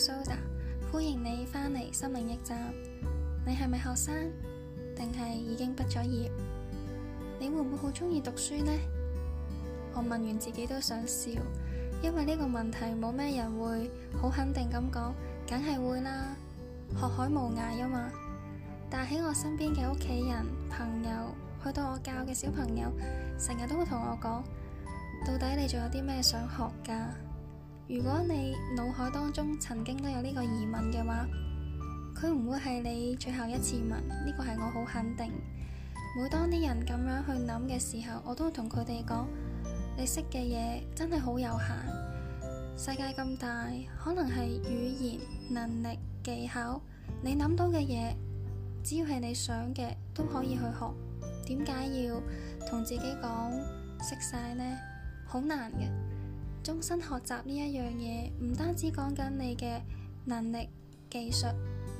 蘇歡迎你返嚟心靈驛站。你係咪學生，定係已經畢咗業？你會唔會好鍾意讀書呢？我問完自己都想笑，因為呢個問題冇咩人會好肯定咁講，梗係會啦，學海無涯啊嘛。但喺我身邊嘅屋企人、朋友，去到我教嘅小朋友，成日都會同我講，到底你仲有啲咩想學噶？如果你腦海當中曾經都有呢個疑問嘅話，佢唔會係你最後一次問，呢個係我好肯定。每當啲人咁樣去諗嘅時候，我都同佢哋講：你識嘅嘢真係好有限，世界咁大，可能係語言能力技巧，你諗到嘅嘢，只要係你想嘅都可以去學。點解要同自己講識晒呢？好難嘅。終身學習呢一樣嘢，唔單止講緊你嘅能力、技術，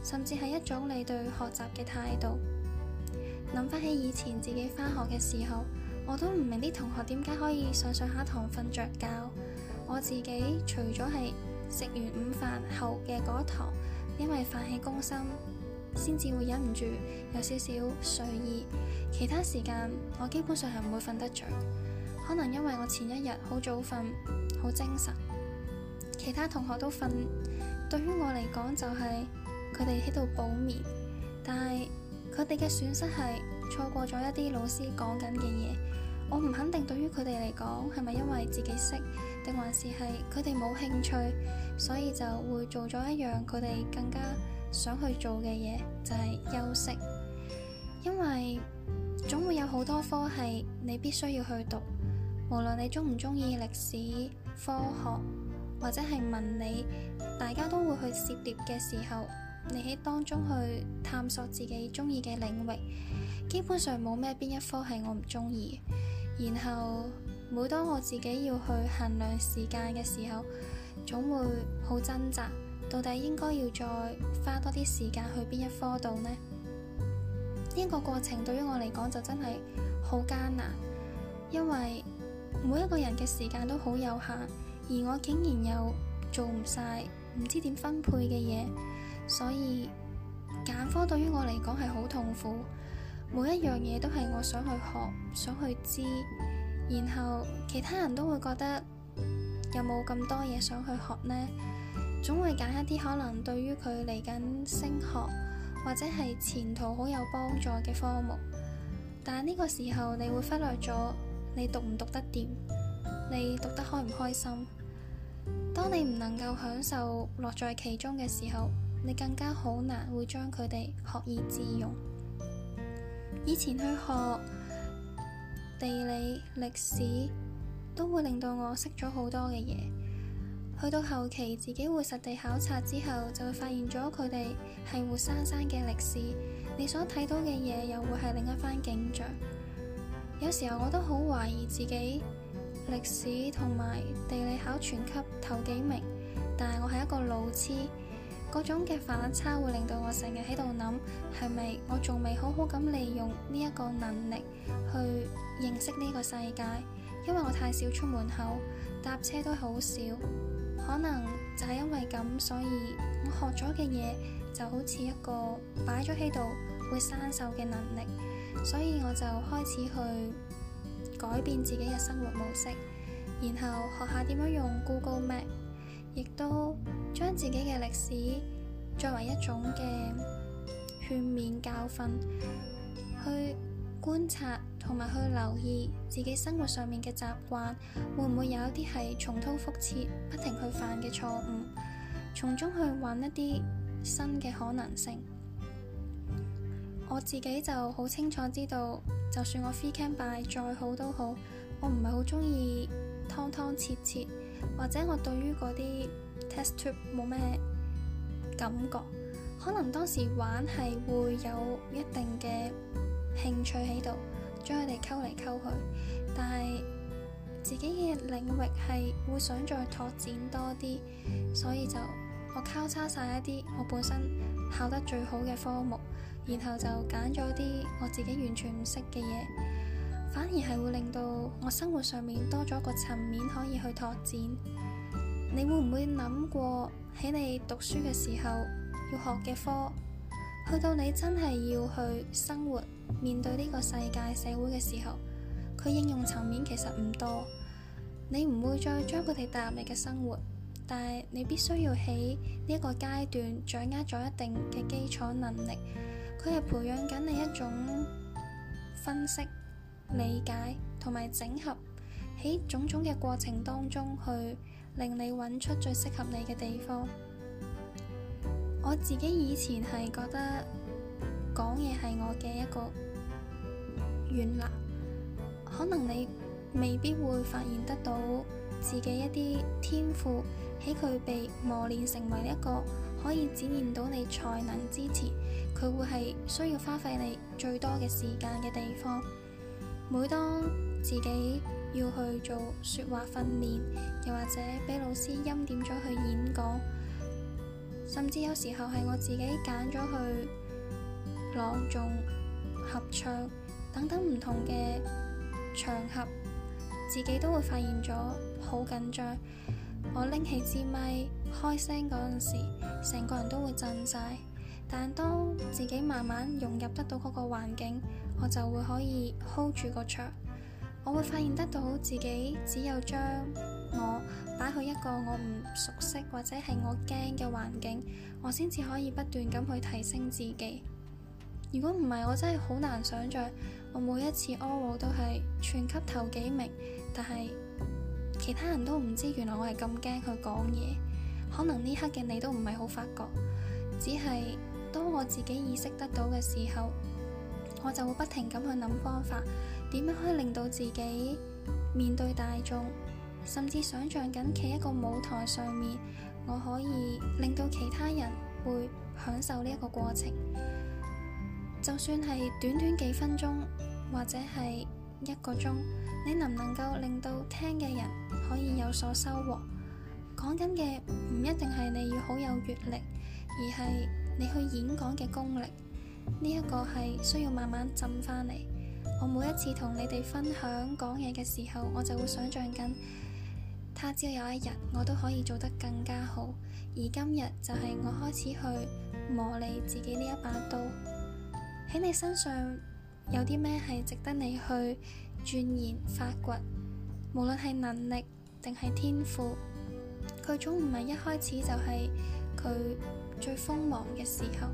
甚至係一種你對學習嘅態度。諗返起以前自己返學嘅時候，我都唔明啲同學點解可以上上下堂瞓着覺。我自己除咗係食完午飯後嘅嗰堂，因為飯氣攻心，先至會忍唔住有少少睡意，其他時間我基本上係唔會瞓得着。可能因為我前一日好早瞓，好精神，其他同學都瞓。對於我嚟講，就係佢哋喺度補眠，但係佢哋嘅損失係錯過咗一啲老師講緊嘅嘢。我唔肯定對於佢哋嚟講係咪因為自己識，定還是係佢哋冇興趣，所以就會做咗一樣佢哋更加想去做嘅嘢，就係休息。因為總會有好多科係你必須要去讀。無論你中唔中意歷史、科學或者係文理，大家都會去涉獵嘅時候，你喺當中去探索自己中意嘅領域，基本上冇咩邊一科係我唔中意。然後每當我自己要去衡量時間嘅時候，總會好掙扎，到底應該要再花多啲時間去邊一科度呢？呢個過程對於我嚟講就真係好艱難，因為每一個人嘅時間都好有限，而我竟然又做唔晒，唔知點分配嘅嘢，所以揀科對於我嚟講係好痛苦。每一樣嘢都係我想去學、想去知，然後其他人都會覺得有冇咁多嘢想去學呢？總會揀一啲可能對於佢嚟緊升學或者係前途好有幫助嘅科目，但呢個時候你會忽略咗。你讀唔讀得掂？你讀得開唔開心？當你唔能夠享受樂在其中嘅時候，你更加好難會將佢哋學以致用。以前去學地理、歷史，都會令到我識咗好多嘅嘢。去到後期自己會實地考察之後，就會發現咗佢哋係活生生嘅歷史。你所睇到嘅嘢又會係另一番景象。有時候我都好懷疑自己歷史同埋地理考全級頭幾名，但係我係一個老痴，各種嘅反差會令到我成日喺度諗係咪我仲未好好咁利用呢一個能力去認識呢個世界，因為我太少出門口，搭車都好少，可能就係因為咁，所以我學咗嘅嘢就好似一個擺咗喺度會生鏽嘅能力。所以我就開始去改變自己嘅生活模式，然後學下點樣用 Google Map，亦都將自己嘅歷史作為一種嘅勸勉教訓，去觀察同埋去留意自己生活上面嘅習慣，會唔會有一啲係重蹈覆轍，不停去犯嘅錯誤，從中去揾一啲新嘅可能性。我自己就好清楚知道，就算我 free camp by 再好都好，我唔係好中意湯湯切切，或者我對於嗰啲 test tube 冇咩感覺，可能當時玩係會有一定嘅興趣喺度，將佢哋溝嚟溝去，但係自己嘅領域係會想再拓展多啲，所以就我交叉晒一啲我本身考得最好嘅科目。然後就揀咗啲我自己完全唔識嘅嘢，反而係會令到我生活上面多咗個層面可以去拓展。你會唔會諗過喺你讀書嘅時候要學嘅科，去到你真係要去生活面對呢個世界社會嘅時候，佢應用層面其實唔多。你唔會再將佢哋帶入你嘅生活，但係你必須要喺呢個階段掌握咗一定嘅基礎能力。佢係培養緊你一種分析、理解同埋整合，喺種種嘅過程當中，去令你揾出最適合你嘅地方。我自己以前係覺得講嘢係我嘅一個軟肋，可能你未必會發現得到自己一啲天賦，喺佢被磨練成為一個。可以展現到你才能之前，佢會係需要花費你最多嘅時間嘅地方。每當自己要去做說話訓練，又或者俾老師欽點咗去演講，甚至有時候係我自己揀咗去朗誦、合唱等等唔同嘅場合，自己都會發現咗好緊張。我拎起支咪開聲嗰陣時，成個人都會震晒，但當自己慢慢融入得到嗰個環境，我就會可以 hold 住個場。我會發現得到自己只有將我擺去一個我唔熟悉或者係我驚嘅環境，我先至可以不斷咁去提升自己。如果唔係，我真係好難想像我每一次 oral 都係全級頭幾名，但係其他人都唔知原來我係咁驚去講嘢。可能呢刻嘅你都唔係好發覺，只係當我自己意識得到嘅時候，我就會不停咁去諗方法，點樣可以令到自己面對大眾，甚至想像緊企喺一個舞台上面，我可以令到其他人會享受呢一個過程。就算係短短幾分鐘，或者係一個鐘，你能唔能夠令到聽嘅人可以有所收穫？講緊嘅唔一定係你要好有閱歷，而係你去演講嘅功力。呢一個係需要慢慢浸翻嚟。我每一次同你哋分享講嘢嘅時候，我就會想象緊，他朝有一日我都可以做得更加好。而今日就係我開始去磨礪自己呢一把刀。喺你身上有啲咩係值得你去鑽研發掘，無論係能力定係天賦。佢總唔係一開始就係、是、佢最鋒芒嘅時候，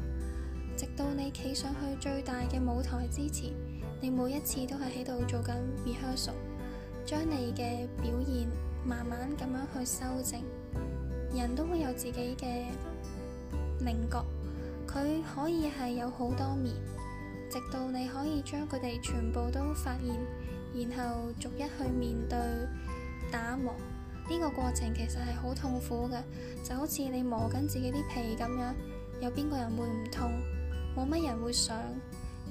直到你企上去最大嘅舞台之前，你每一次都係喺度做緊 rehearsal，將你嘅表現慢慢咁樣去修正。人都會有自己嘅稜角，佢可以係有好多面，直到你可以將佢哋全部都發現，然後逐一去面對打磨。呢個過程其實係好痛苦嘅，就好似你磨緊自己啲皮咁樣，有邊個人會唔痛？冇乜人會想。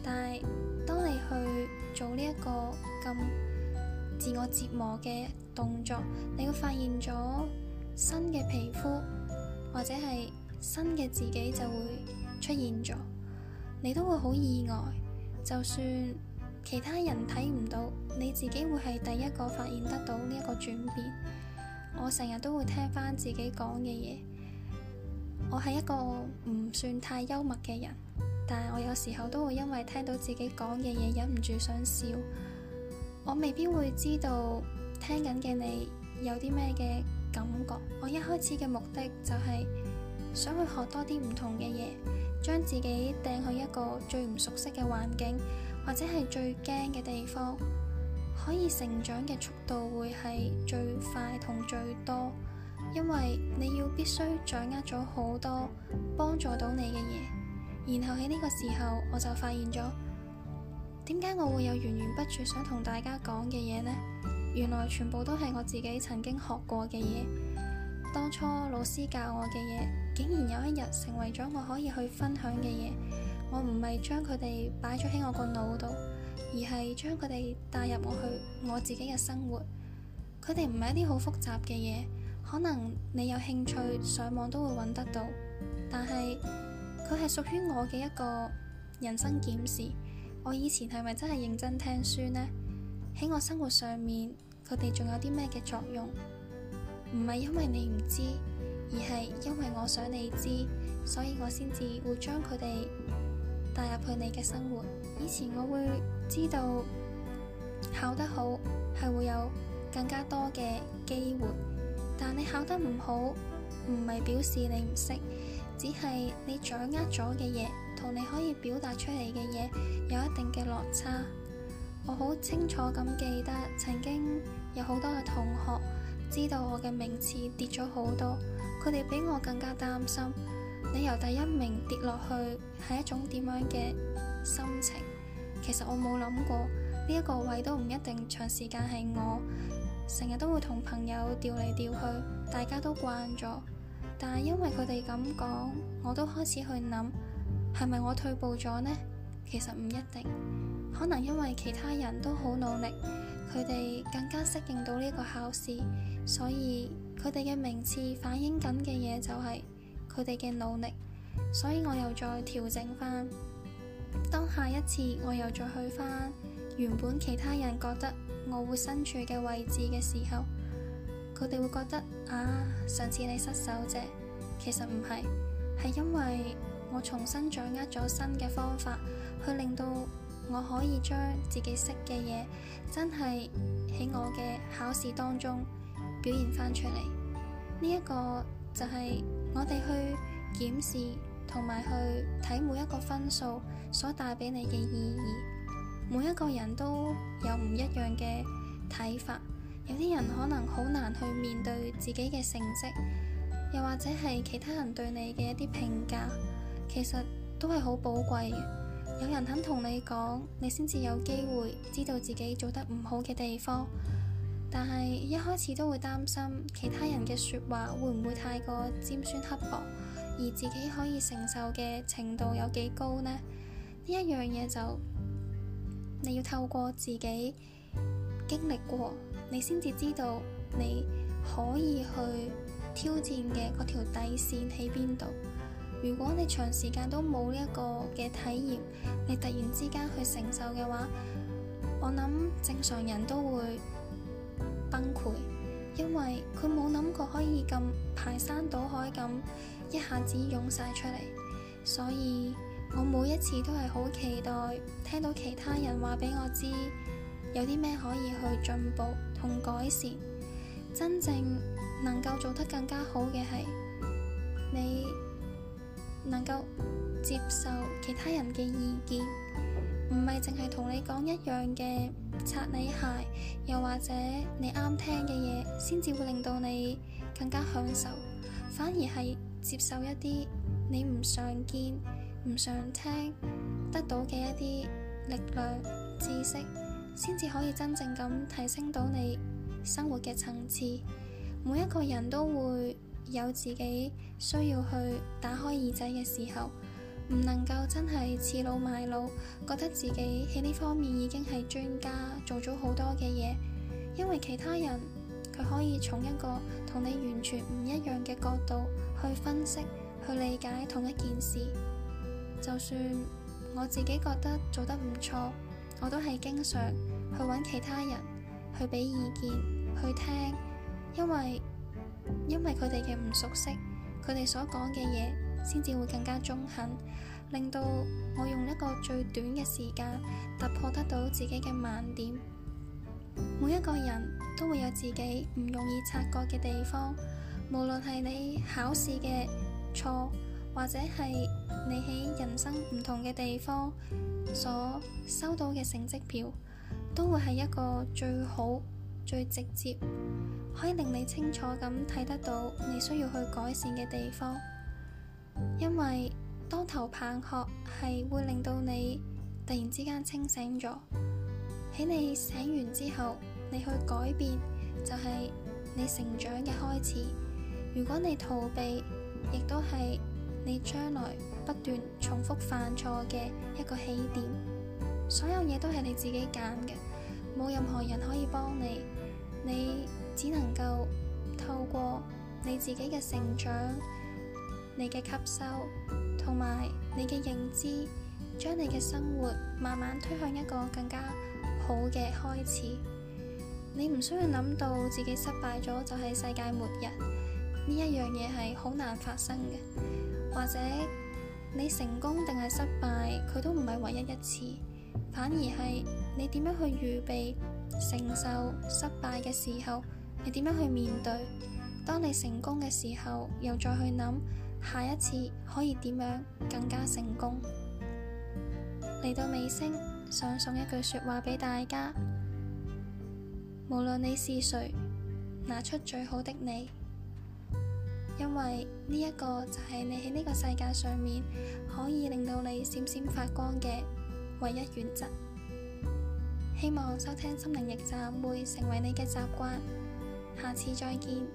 但係當你去做呢一個咁自我折磨嘅動作，你會發現咗新嘅皮膚或者係新嘅自己就會出現咗。你都會好意外，就算其他人睇唔到，你自己會係第一個發現得到呢一個轉變。我成日都會聽翻自己講嘅嘢。我係一個唔算太幽默嘅人，但係我有時候都會因為聽到自己講嘅嘢，忍唔住想笑。我未必會知道聽緊嘅你有啲咩嘅感覺。我一開始嘅目的就係想去學多啲唔同嘅嘢，將自己掟去一個最唔熟悉嘅環境，或者係最驚嘅地方。可以成長嘅速度會係最快同最多，因為你要必須掌握咗好多幫助到你嘅嘢。然後喺呢個時候，我就發現咗點解我會有源源不絕想同大家講嘅嘢呢？原來全部都係我自己曾經學過嘅嘢，當初老師教我嘅嘢，竟然有一日成為咗我可以去分享嘅嘢。我唔係將佢哋擺咗喺我個腦度。而係將佢哋帶入我去我自己嘅生活，佢哋唔係一啲好複雜嘅嘢，可能你有興趣上網都會揾得到。但係佢係屬於我嘅一個人生檢視，我以前係咪真係認真聽書呢？喺我生活上面，佢哋仲有啲咩嘅作用？唔係因為你唔知，而係因為我想你知，所以我先至會將佢哋帶入去你嘅生活。以前我會知道考得好係會有更加多嘅機會，但你考得唔好唔係表示你唔識，只係你掌握咗嘅嘢，同你可以表達出嚟嘅嘢有一定嘅落差。我好清楚咁記得，曾經有好多嘅同學知道我嘅名次跌咗好多，佢哋比我更加擔心。你由第一名跌落去，係一種點樣嘅心情？其實我冇諗過呢一個位都唔一定長時間係我，成日都會同朋友調嚟調去，大家都慣咗。但係因為佢哋咁講，我都開始去諗係咪我退步咗呢？其實唔一定，可能因為其他人都好努力，佢哋更加適應到呢個考試，所以佢哋嘅名次反映緊嘅嘢就係佢哋嘅努力，所以我又再調整翻。當下一次我又再去返原本其他人覺得我會身處嘅位置嘅時候，佢哋會覺得啊，上次你失手啫，其實唔係，係因為我重新掌握咗新嘅方法，去令到我可以將自己識嘅嘢真係喺我嘅考試當中表現翻出嚟。呢一個就係我哋去檢視同埋去睇每一個分數，所帶俾你嘅意義，每一個人都有唔一樣嘅睇法。有啲人可能好難去面對自己嘅成績，又或者係其他人對你嘅一啲評價，其實都係好寶貴嘅。有人肯同你講，你先至有機會知道自己做得唔好嘅地方。但係一開始都會擔心其他人嘅說話會唔會太過尖酸刻薄，而自己可以承受嘅程度有幾高呢？呢一樣嘢就你要透過自己經歷過，你先至知道你可以去挑戰嘅嗰條底線喺邊度。如果你長時間都冇呢一個嘅體驗，你突然之間去承受嘅話，我諗正常人都會崩潰，因為佢冇諗過可以咁排山倒海咁一下子湧晒出嚟，所以。我每一次都係好期待聽到其他人話俾我知有啲咩可以去進步同改善。真正能夠做得更加好嘅，係你能夠接受其他人嘅意見，唔係淨係同你講一樣嘅、擦你鞋，又或者你啱聽嘅嘢，先至會令到你更加享受。反而係接受一啲你唔常見，唔想聽得到嘅一啲力量、知識，先至可以真正咁提升到你生活嘅層次。每一個人都會有自己需要去打開耳仔嘅時候，唔能夠真係恃老賣老，覺得自己喺呢方面已經係專家，做咗好多嘅嘢。因為其他人，佢可以從一個同你完全唔一樣嘅角度去分析、去理解同一件事。就算我自己覺得做得唔錯，我都係經常去揾其他人去畀意見去聽，因為因為佢哋嘅唔熟悉，佢哋所講嘅嘢先至會更加中肯，令到我用一個最短嘅時間突破得到自己嘅盲點。每一個人都會有自己唔容易察覺嘅地方，無論係你考試嘅錯，或者係。你喺人生唔同嘅地方所收到嘅成績表，都會係一個最好、最直接，可以令你清楚咁睇得到你需要去改善嘅地方。因為當頭棒喝係會令到你突然之間清醒咗，喺你醒完之後，你去改變就係你成長嘅開始。如果你逃避，亦都係你將來。不斷重複犯錯嘅一個起點，所有嘢都係你自己揀嘅，冇任何人可以幫你，你只能夠透過你自己嘅成長、你嘅吸收同埋你嘅認知，將你嘅生活慢慢推向一個更加好嘅開始。你唔需要諗到自己失敗咗就係世界末日，呢一樣嘢係好難發生嘅，或者。你成功定係失敗，佢都唔係唯一一次，反而係你點樣去預備，承受失敗嘅時候，你點樣去面對？當你成功嘅時候，又再去諗下一次可以點樣更加成功。嚟到尾聲，想送一句說話俾大家：無論你是誰，拿出最好的你。因為呢一個就係你喺呢個世界上面可以令到你閃閃發光嘅唯一原則。希望收聽心靈驛站會成為你嘅習慣，下次再見。